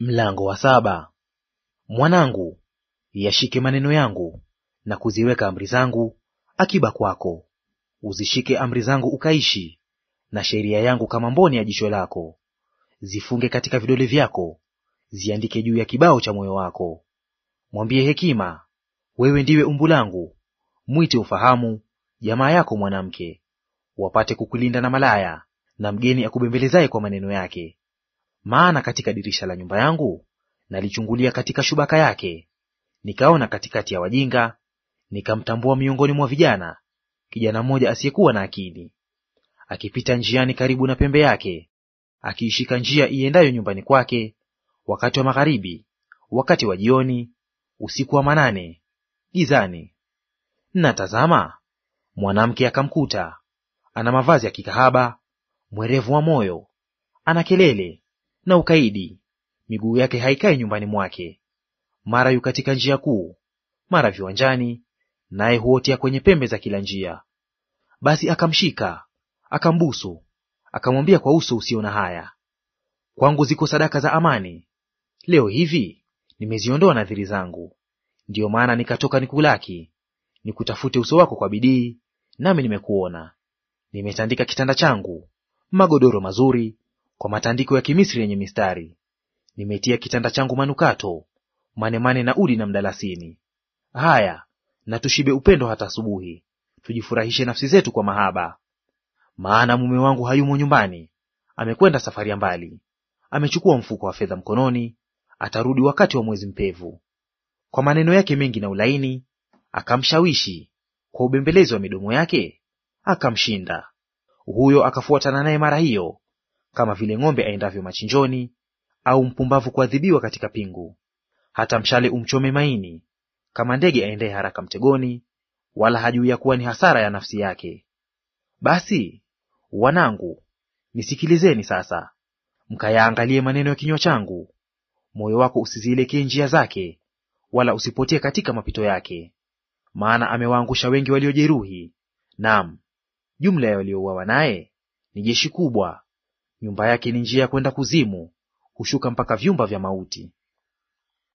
Mlango wa saba. Mwanangu, yashike maneno yangu na kuziweka amri zangu akiba kwako. Uzishike amri zangu ukaishi, na sheria yangu kama mboni ya jicho lako. Zifunge katika vidole vyako, ziandike juu ya kibao cha moyo wako. Mwambie hekima, wewe ndiwe umbu langu; mwite ufahamu jamaa yako mwanamke, wapate kukulinda na malaya na mgeni akubembelezaye kwa maneno yake. Maana katika dirisha la nyumba yangu nalichungulia katika shubaka yake, nikaona katikati ya wajinga, nikamtambua miongoni mwa vijana kijana mmoja asiyekuwa na akili, akipita njiani karibu na pembe yake, akiishika njia iendayo nyumbani kwake, wakati wa magharibi, wakati wa jioni, usiku wa manane, gizani. Natazama, mwanamke akamkuta, ana mavazi ya kikahaba, mwerevu wa moyo, ana kelele, na ukaidi, miguu yake haikai nyumbani mwake. Mara yu katika njia kuu, mara viwanjani, naye huotea kwenye pembe za kila njia. Basi akamshika akambusu, akamwambia kwa uso usio na haya, kwangu ziko sadaka za amani, leo hivi nimeziondoa nadhiri zangu. Ndiyo maana nikatoka nikulaki, nikutafute uso wako kwa bidii, nami nimekuona. Nimetandika kitanda changu magodoro mazuri, kwa matandiko ya Kimisri yenye mistari. Nimetia kitanda changu manukato, manemane na udi na mdalasini. Haya, na tushibe upendo hata asubuhi, tujifurahishe nafsi zetu kwa mahaba. Maana mume wangu hayumo nyumbani, amekwenda safari ya mbali, amechukua mfuko wa fedha mkononi, atarudi wakati wa mwezi mpevu. Kwa maneno yake mengi na ulaini akamshawishi, kwa ubembelezi wa midomo yake akamshinda. Huyo akafuatana naye mara hiyo, kama vile ng'ombe aendavyo machinjoni, au mpumbavu kuadhibiwa katika pingu. Hata mshale umchome maini, kama ndege aendaye haraka mtegoni, wala hajui ya kuwa ni hasara ya nafsi yake. Basi wanangu, nisikilizeni sasa, mkayaangalie maneno ya kinywa changu. Moyo wako usizielekee njia zake, wala usipotee katika mapito yake. Maana amewaangusha wengi waliojeruhi, naam, jumla ya waliouawa naye ni jeshi kubwa. Nyumba yake ni njia ya kwenda kuzimu, hushuka mpaka vyumba vya mauti.